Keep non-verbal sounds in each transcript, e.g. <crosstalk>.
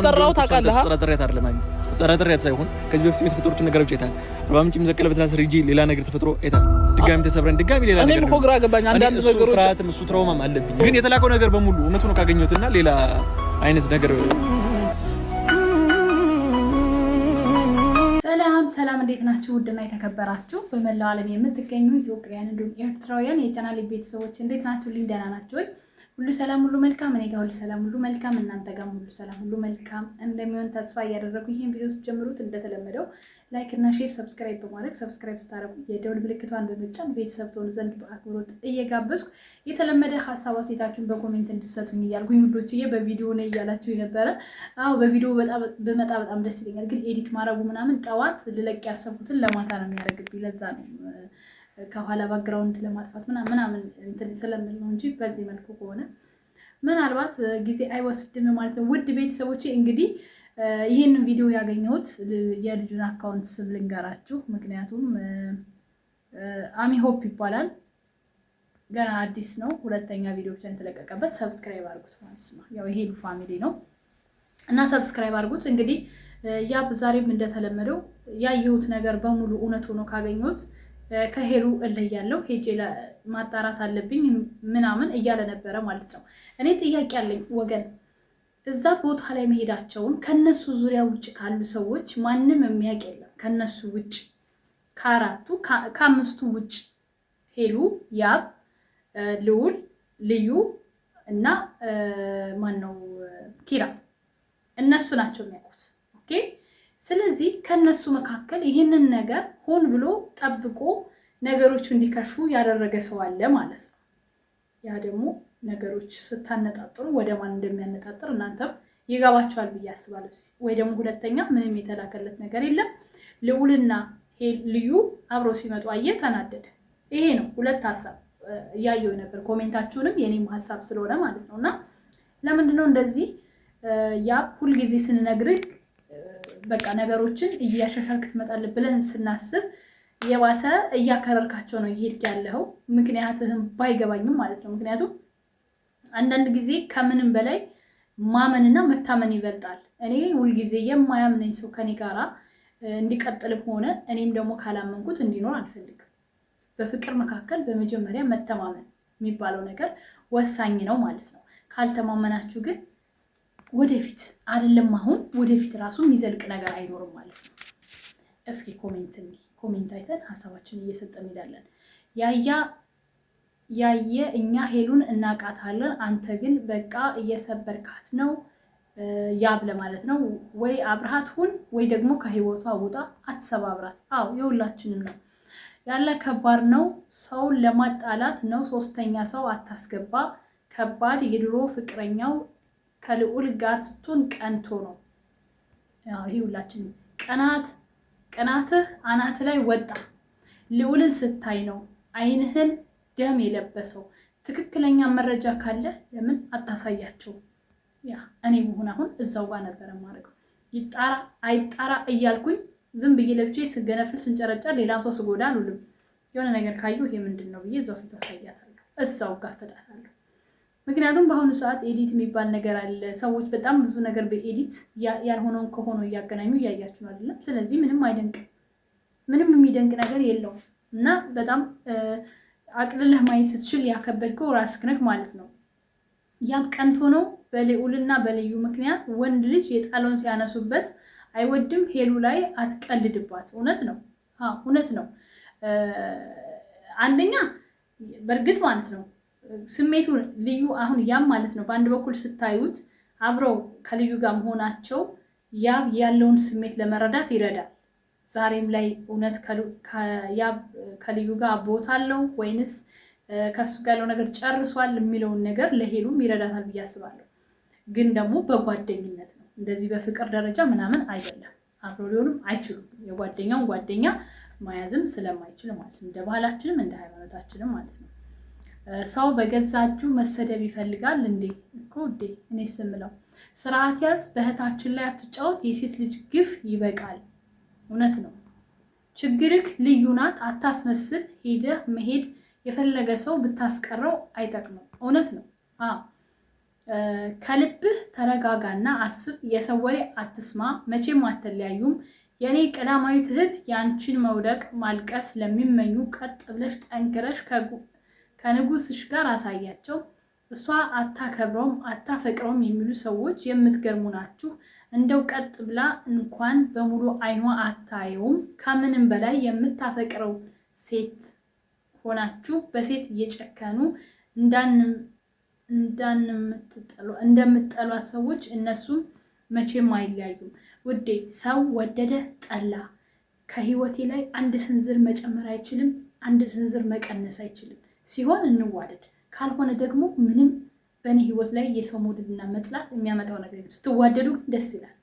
ነው ሳይሆን ከዚህ በፊት የተፈጠሩትን ነገሮች አይተሃል። አርባ ምንጭ የሚዘቀለበት ላስ ሪጂ ሌላ ነገር ተፈጥሮ አይተሃል። ድጋሚ ተሰብረን ድጋሚ ሌላ ነገር። እኮ ግራ ገባኝ። አንዳንድ ነገሮች ፍርሃትም እሱ ትራውማም አለብኝ። ግን የተላከው ነገር በሙሉ እውነቱ ነው ካገኘሁትና ሌላ አይነት ነገር ሰላም ሰላም፣ እንዴት ናችሁ? ውድና የተከበራችሁ በመላው ዓለም የምትገኙ ኢትዮጵያውያን እንዲሁም ኤርትራውያን የቻናሌ ቤተሰቦች እንዴት ናችሁ? ልኝ ደህና ናችሁ ወይ? ሁሉ ሰላም ሁሉ መልካም፣ እኔ ጋር ሁሉ ሰላም ሁሉ መልካም፣ እናንተ ጋርም ሁሉ ሰላም ሁሉ መልካም እንደሚሆን ተስፋ እያደረጉ ይህን ቪዲዮ ስትጀምሩት እንደተለመደው ላይክ እና ሼር፣ ሰብስክራይብ በማድረግ ሰብስክራይብ ስታረጉ የደውል ምልክቷን በመጫን ቤተሰብ ትሆኑ ዘንድ በአክብሮት እየጋበዝኩ የተለመደ ሀሳብ አሴታችሁን በኮሜንት እንድትሰጡኝ እያልኩኝ ውዶችዬ በቪዲዮ ነው እያላችሁ ነበረ። አዎ በቪዲዮ በመጣ በጣም ደስ ይለኛል፣ ግን ኤዲት ማድረጉ ምናምን ጠዋት ልለቅ ያሰብኩትን ለማታ ነው የሚያደርግብኝ። ለዛ ነው ከኋላ ባግራውንድ ለማጥፋት ምናምን እንትን ስለምል ነው እንጂ በዚህ መልኩ ከሆነ ምናልባት ጊዜ አይወስድም ማለት ነው። ውድ ቤተሰቦች እንግዲህ ይህንን ቪዲዮ ያገኘሁት የልጁን አካውንት ስም ልንገራችሁ፣ ምክንያቱም አሚሆፕ ይባላል። ገና አዲስ ነው። ሁለተኛ ቪዲዮ ብቻ የተለቀቀበት ሰብስክራይብ አድርጉት ማለት ነው። ያው ይሄ ፋሚሊ ነው እና ሰብስክራይብ አድርጉት። እንግዲህ ያ ዛሬም እንደተለመደው ያየሁት ነገር በሙሉ እውነት ሆኖ ካገኘሁት ከሄሉ እለያለሁ ሄጄ ማጣራት አለብኝ ምናምን እያለ ነበረ ማለት ነው። እኔ ጥያቄ አለኝ ወገን፣ እዛ ቦታ ላይ መሄዳቸውን ከነሱ ዙሪያ ውጭ ካሉ ሰዎች ማንም የሚያውቅ የለም ከነሱ ውጭ ከአራቱ ከአምስቱ ውጭ ሄሉ፣ ያብ፣ ልዑል፣ ልዩ እና ማን ነው ኪራ፣ እነሱ ናቸው የሚያውቁት። ኦኬ ስለዚህ ከነሱ መካከል ይህንን ነገር ሆን ብሎ ጠብቆ ነገሮቹ እንዲከሹ ያደረገ ሰው አለ ማለት ነው። ያ ደግሞ ነገሮች ስታነጣጥሩ ወደ ማን እንደሚያነጣጥር እናንተም ይገባቸዋል ብዬ አስባለሁ። ወይ ደግሞ ሁለተኛ ምንም የተላከለት ነገር የለም። ልዑልና ልዩ አብረው ሲመጡ አየ ተናደደ። ይሄ ነው ሁለት ሀሳብ እያየው ነበር። ኮሜንታችሁንም የኔም ሀሳብ ስለሆነ ማለት ነው እና ለምንድነው እንደዚህ ያ ሁልጊዜ ስንነግርህ በቃ ነገሮችን እያሻሻልክ ትመጣለህ ብለን ስናስብ የባሰ እያከረርካቸው ነው እየሄድክ ያለው። ምክንያትህም ባይገባኝም ማለት ነው። ምክንያቱም አንዳንድ ጊዜ ከምንም በላይ ማመንና መታመን ይበልጣል። እኔ ሁልጊዜ የማያምነኝ ሰው ከኔ ጋራ እንዲቀጥልም ሆነ እኔም ደግሞ ካላመንኩት እንዲኖር አልፈልግም። በፍቅር መካከል በመጀመሪያ መተማመን የሚባለው ነገር ወሳኝ ነው ማለት ነው። ካልተማመናችሁ ግን ወደፊት አይደለም አሁን ወደፊት ራሱ የሚዘልቅ ነገር አይኖርም ማለት ነው። እስኪ ኮሜንት ኮሜንት አይተን ሀሳባችን እየሰጠን እንሄዳለን። ያያ ያየ እኛ ሄሉን እናቃታለን፣ አንተ ግን በቃ እየሰበርካት ነው ያብ ለማለት ነው። ወይ አብርሃት ሁን ወይ ደግሞ ከህይወቷ ውጣ፣ አትሰባብራት። አዎ የሁላችንም ነው ያለ ከባድ ነው። ሰው ለማጣላት ነው። ሶስተኛ ሰው አታስገባ። ከባድ የድሮ ፍቅረኛው ከልዑል ጋር ስትሆን ቀንቶ ነው። ይህ ሁላችን ቅናት ቅናትህ አናት ላይ ወጣ። ልዑልን ስታይ ነው አይንህን ደም የለበሰው። ትክክለኛ መረጃ ካለ ለምን አታሳያቸው? ያ እኔ መሆን አሁን እዛው ጋር ነበረ ማድረገው ይጣራ አይጣራ እያልኩኝ ዝም ብዬ ለብቼ ስገነፍል ስንጨረጨር ሌላም ሰው ስጎዳ አልውልም። የሆነ ነገር ካየሁ ይሄ ምንድን ነው ብዬ እዛው ፊት አሳያታለሁ፣ እዛው ጋር ጋፈጣታለሁ። ምክንያቱም በአሁኑ ሰዓት ኤዲት የሚባል ነገር አለ። ሰዎች በጣም ብዙ ነገር በኤዲት ያልሆነውን ከሆነ እያገናኙ እያያችሁ አይደለም። ስለዚህ ምንም አይደንቅ፣ ምንም የሚደንቅ ነገር የለውም። እና በጣም አቅልለህ ማየት ስትችል ያከበድከው ራስክነክ ማለት ነው። ያም ቀንቶ ነው በልዑልና በልዩ ምክንያት ወንድ ልጅ የጣለውን ሲያነሱበት አይወድም። ሄሉ ላይ አትቀልድባት። እውነት ነው፣ እውነት ነው። አንደኛ በእርግጥ ማለት ነው ስሜቱ ልዩ አሁን ያም ማለት ነው። በአንድ በኩል ስታዩት አብረው ከልዩ ጋር መሆናቸው ያብ ያለውን ስሜት ለመረዳት ይረዳል። ዛሬም ላይ እውነት ያብ ከልዩ ጋር ቦታ አለው ወይንስ ከሱ ጋር ያለው ነገር ጨርሷል የሚለውን ነገር ለሄሉም ይረዳታል ብዬ አስባለሁ። ግን ደግሞ በጓደኝነት ነው እንደዚህ በፍቅር ደረጃ ምናምን አይደለም። አብረው ሊሆኑም አይችሉም። የጓደኛውን ጓደኛ መያዝም ስለማይችል ማለት ነው። እንደ ባህላችንም እንደ ሃይማኖታችንም ማለት ነው። ሰው በገዛ እጁ መሰደብ ይፈልጋል እንዴ? እኮ ውዴ፣ እኔ ስምለው ስርዓት ያዝ፣ በእህታችን ላይ አትጫወት። የሴት ልጅ ግፍ ይበቃል። እውነት ነው። ችግርክ ልዩ ናት፣ አታስመስል። ሄደህ መሄድ የፈለገ ሰው ብታስቀረው አይጠቅምም። እውነት ነው። ከልብህ ተረጋጋና አስብ። የሰው ወሬ አትስማ። መቼም አትለያዩም። የእኔ ቀዳማዊት እህት፣ ያንቺን መውደቅ ማልቀስ ለሚመኙ ቀጥ ብለሽ ጠንክረሽ ከንጉስሽ ጋር አሳያቸው። እሷ አታከብረውም አታፈቅረውም የሚሉ ሰዎች የምትገርሙ ናችሁ። እንደው ቀጥ ብላ እንኳን በሙሉ አይኗ አታየውም። ከምንም በላይ የምታፈቅረው ሴት ሆናችሁ በሴት እየጨከኑ እንደምትጠሏት ሰዎች እነሱም መቼም አይለያዩም። ውዴ ሰው ወደደ ጠላ ከህይወቴ ላይ አንድ ስንዝር መጨመር አይችልም። አንድ ስንዝር መቀነስ አይችልም። ሲሆን እንዋደድ፣ ካልሆነ ደግሞ ምንም በእኔ ህይወት ላይ የሰው መውደድና መጥላት የሚያመጣው ነገር ስትዋደዱ ደስ ይላል።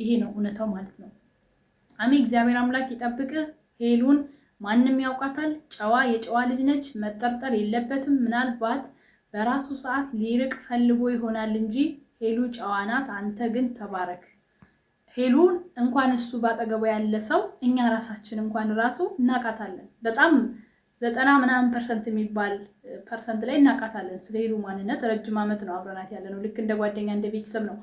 ይሄ ነው እውነታው ማለት ነው። አሜ እግዚአብሔር አምላክ ይጠብቅህ። ሄሉን ማንም ያውቃታል። ጨዋ የጨዋ ልጅ ነች፣ መጠርጠር የለበትም። ምናልባት በራሱ ሰዓት ሊርቅ ፈልጎ ይሆናል እንጂ ሄሉ ጨዋ ናት። አንተ ግን ተባረክ። ሄሉን እንኳን እሱ ባጠገቡ ያለ ሰው እኛ ራሳችን እንኳን ራሱ እናውቃታለን በጣም ዘጠና ምናምን ፐርሰንት የሚባል ፐርሰንት ላይ እናውቃታለን። ስለ ሄሉ ማንነት ረጅም ዓመት ነው አብረናት ያለ ነው። ልክ እንደ ጓደኛ እንደ ቤተሰብ ነው።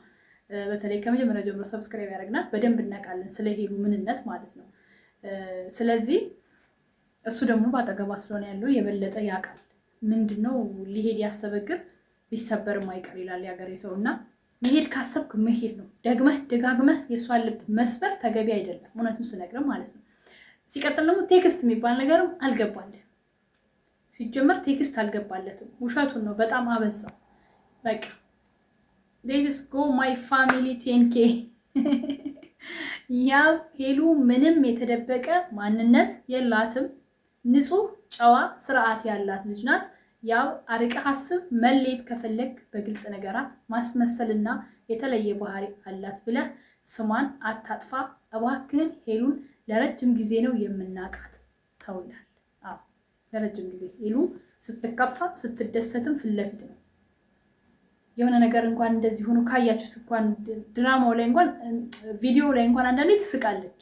በተለይ ከመጀመሪያ ጀምሮ ሰብስክራይብ ያደረግናት በደንብ እናውቃለን፣ ስለ ሄሉ ምንነት ማለት ነው። ስለዚህ እሱ ደግሞ በአጠገቧ ስለሆነ ያለው የበለጠ ያውቃል። ምንድን ነው ሊሄድ ያሰበ እግር ሊሰበርም አይቀር ይላል የሀገሬ ሰው እና መሄድ ካሰብክ መሄድ ነው። ደግመህ ደጋግመህ የእሷን ልብ መስበር ተገቢ አይደለም፣ እውነቱን ስነግርም ማለት ነው። ሲቀጥል ደግሞ ቴክስት የሚባል ነገርም አልገባለ? ሲጀመር ቴክስት አልገባለትም። ውሸቱን ነው። በጣም አበዛው። በቃ ሌትስ ጎ ማይ ፋሚሊ ቴንኬ። <laughs> ያ ሄሉ ምንም የተደበቀ ማንነት የላትም። ንጹህ፣ ጨዋ፣ ስርዓት ያላት ልጅ ናት። ያው አርቀ ሀስብ መሌት ከፈለግ በግልጽ ነገራት። ማስመሰልና የተለየ ባህሪ አላት ብለህ ስሟን አታጥፋ እባክህን። ሄሉን ለረጅም ጊዜ ነው የምናቃት ተውላል። ለረጅም ጊዜ ሄሉ ስትከፋ ስትደሰትም ፊት ለፊት ነው። የሆነ ነገር እንኳን እንደዚህ ሆኖ ካያችሁት እንኳን ድራማው ላይ እንኳን ቪዲዮ ላይ እንኳን አንዳንዴ ትስቃለች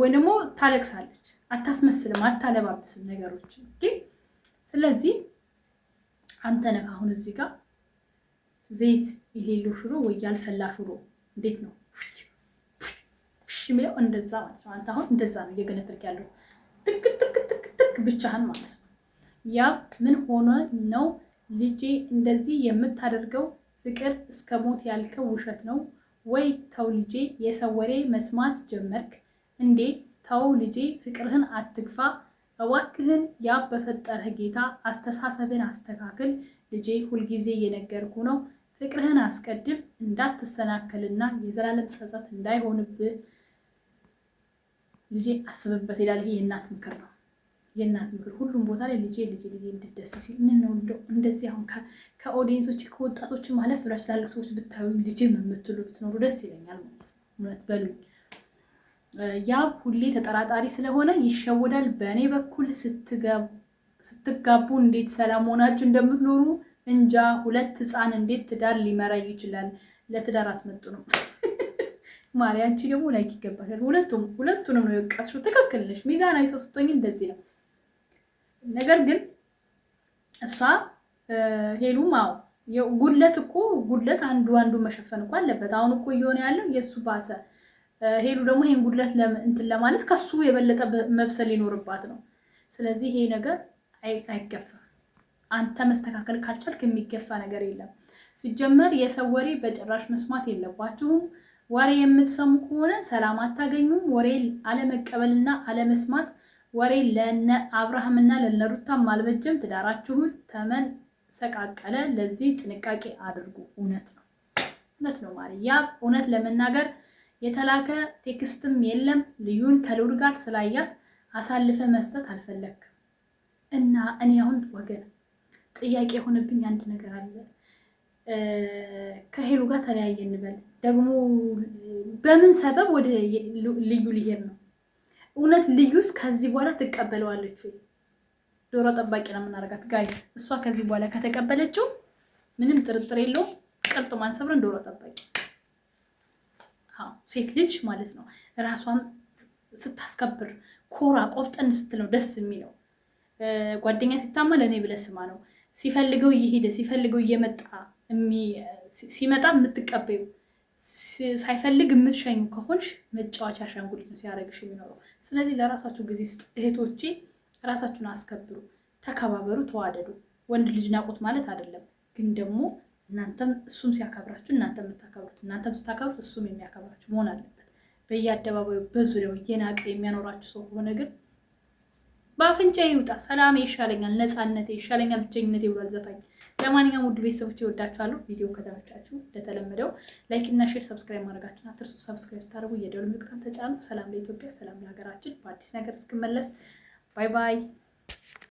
ወይ ደግሞ ታለቅሳለች። አታስመስልም፣ አታለባብስም ነገሮች። ስለዚህ አንተ ነህ አሁን እዚህ ጋር ዘይት የሌለው ሽሮ ወይ ያልፈላ ሽሮ እንዴት ነው የሚለው? እንደዛ ማለት ነው። አንተ አሁን እንደዛ ነው እየገነፈልክ ያለው ትክ ትክ ትክ ትክ ብቻህን ማለት ነው። ያ ምን ሆነ ነው ልጄ እንደዚህ የምታደርገው? ፍቅር እስከ ሞት ያልከው ውሸት ነው ወይ? ተው ልጄ፣ የሰው ወሬ መስማት ጀመርክ እንዴ? ተው ልጄ፣ ፍቅርህን አትግፋ እባክህን። ያ በፈጠረህ ጌታ አስተሳሰብን አስተካክል ልጄ። ሁልጊዜ እየነገርኩ ነው፣ ፍቅርህን አስቀድም፣ እንዳትሰናከልና የዘላለም ጸጸት እንዳይሆንብህ ልጄ አስብበት ይላል። ይሄ የእናት ምክር ነው። የእናት ምክር ሁሉም ቦታ ላይ ልጄ ልጄ ልጄ እንድደስ ሲል ምን ነው እንደው እንደዚህ አሁን ከኦዲየንሶች ከወጣቶች ማለፍ ብላች ላለቅ ሰዎች ብታዩ ልጄ የምትሉ ብትኖሩ ደስ ይለኛል ማለት ነው። እውነት በሉኝ። ያብ ሁሌ ተጠራጣሪ ስለሆነ ይሸወዳል። በእኔ በኩል ስትጋቡ እንዴት ሰላም ሆናችሁ እንደምትኖሩ እንጃ። ሁለት ህፃን እንዴት ትዳር ሊመራ ይችላል? ለትዳር አትመጡ ነው ማሪ፣ አንቺ ደግሞ ላይክ ይገባታል። ሁለቱም ሁለቱንም ነው የወቀስሽው። ትክክል ነሽ። ሚዛናዊ ሰው ስትሆኝ እንደዚህ ነው። ነገር ግን እሷ ሄሉም አዎ ጉድለት እኮ ጉድለት አንዱ አንዱ መሸፈን እኮ አለበት። አሁን እኮ እየሆነ ያለው የእሱ ባሰ። ሄሉ ደግሞ ይህን ጉድለት እንትን ለማለት ከሱ የበለጠ መብሰል ሊኖርባት ነው። ስለዚህ ይሄ ነገር አይገፋም። አንተ መስተካከል ካልቻልክ የሚገፋ ነገር የለም። ሲጀመር የሰው ወሬ በጭራሽ መስማት የለባችሁም። ወሬ የምትሰሙ ከሆነ ሰላም አታገኙም። ወሬ አለመቀበልና አለመስማት ወሬ ለነ አብርሃምና ለነ ሩታም አልበጀም። ትዳራችሁን ተመን ሰቃቀለ። ለዚህ ጥንቃቄ አድርጉ። እውነት ነው እውነት ነው ማለት ያ እውነት ለመናገር የተላከ ቴክስትም የለም። ልዩን ከልውድ ጋር ስላያት አሳልፈ መስጠት አልፈለግም እና እኔ አሁን ወገን ጥያቄ የሆነብኝ አንድ ነገር አለ። ከሄሉ ጋር ተለያየ እንበል። ደግሞ በምን ሰበብ ወደ ልዩ ሊሄድ ነው? እውነት ልዩስ ከዚህ በኋላ ትቀበለዋለች ወይ? ዶሮ ጠባቂ ነው የምናደርጋት ጋይስ። እሷ ከዚህ በኋላ ከተቀበለችው ምንም ጥርጥር የለውም ማን ሰብረን ዶሮ ጠባቂ ሴት ልጅ ማለት ነው። ራሷን ስታስከብር ኮራ ቆፍጠን ስትለው ደስ የሚለው ጓደኛ ሲታማ ለእኔ ብለህ ስማ ነው። ሲፈልገው እየሄደ ሲፈልገው እየመጣ ሲመጣ የምትቀበዩ ሳይፈልግ የምትሸኙ ከሆንሽ መጫወቻ አሻንጉሊት ነው ሲያደርግሽ የሚኖረው። ስለዚህ ለራሳችሁ ጊዜ ስጡ እህቶቼ፣ ራሳችሁን አስከብሩ፣ ተከባበሩ፣ ተዋደዱ። ወንድ ልጅ ናቁት ማለት አይደለም፣ ግን ደግሞ እናንተም እሱም ሲያከብራችሁ እናንተ የምታከብሩት እናንተም ስታከብሩት እሱም የሚያከብራችሁ መሆን አለበት። በየአደባባዩ በዙሪያው እየናቀ የሚያኖራችሁ ሰው ከሆነ ግን በአፍንጫ ይውጣ። ሰላም ይሻለኛል፣ ነፃነቴ ይሻለኛል፣ ብቸኝነቴ ብሏል ዘፋኝ። ለማንኛውም ውድ ቤተሰቦች ይወዳችኋሉ። ቪዲዮ ከተመቻችሁ እንደተለመደው ላይክ እና ሼር፣ ሰብስክራይብ ማድረጋችሁን አትርሱ። ሰብስክራይብ ስታደርጉ የደወል ምልክቷን ተጫኑ። ሰላም ለኢትዮጵያ፣ ሰላም ለሀገራችን። በአዲስ ነገር እስክመለስ ባይ ባይ።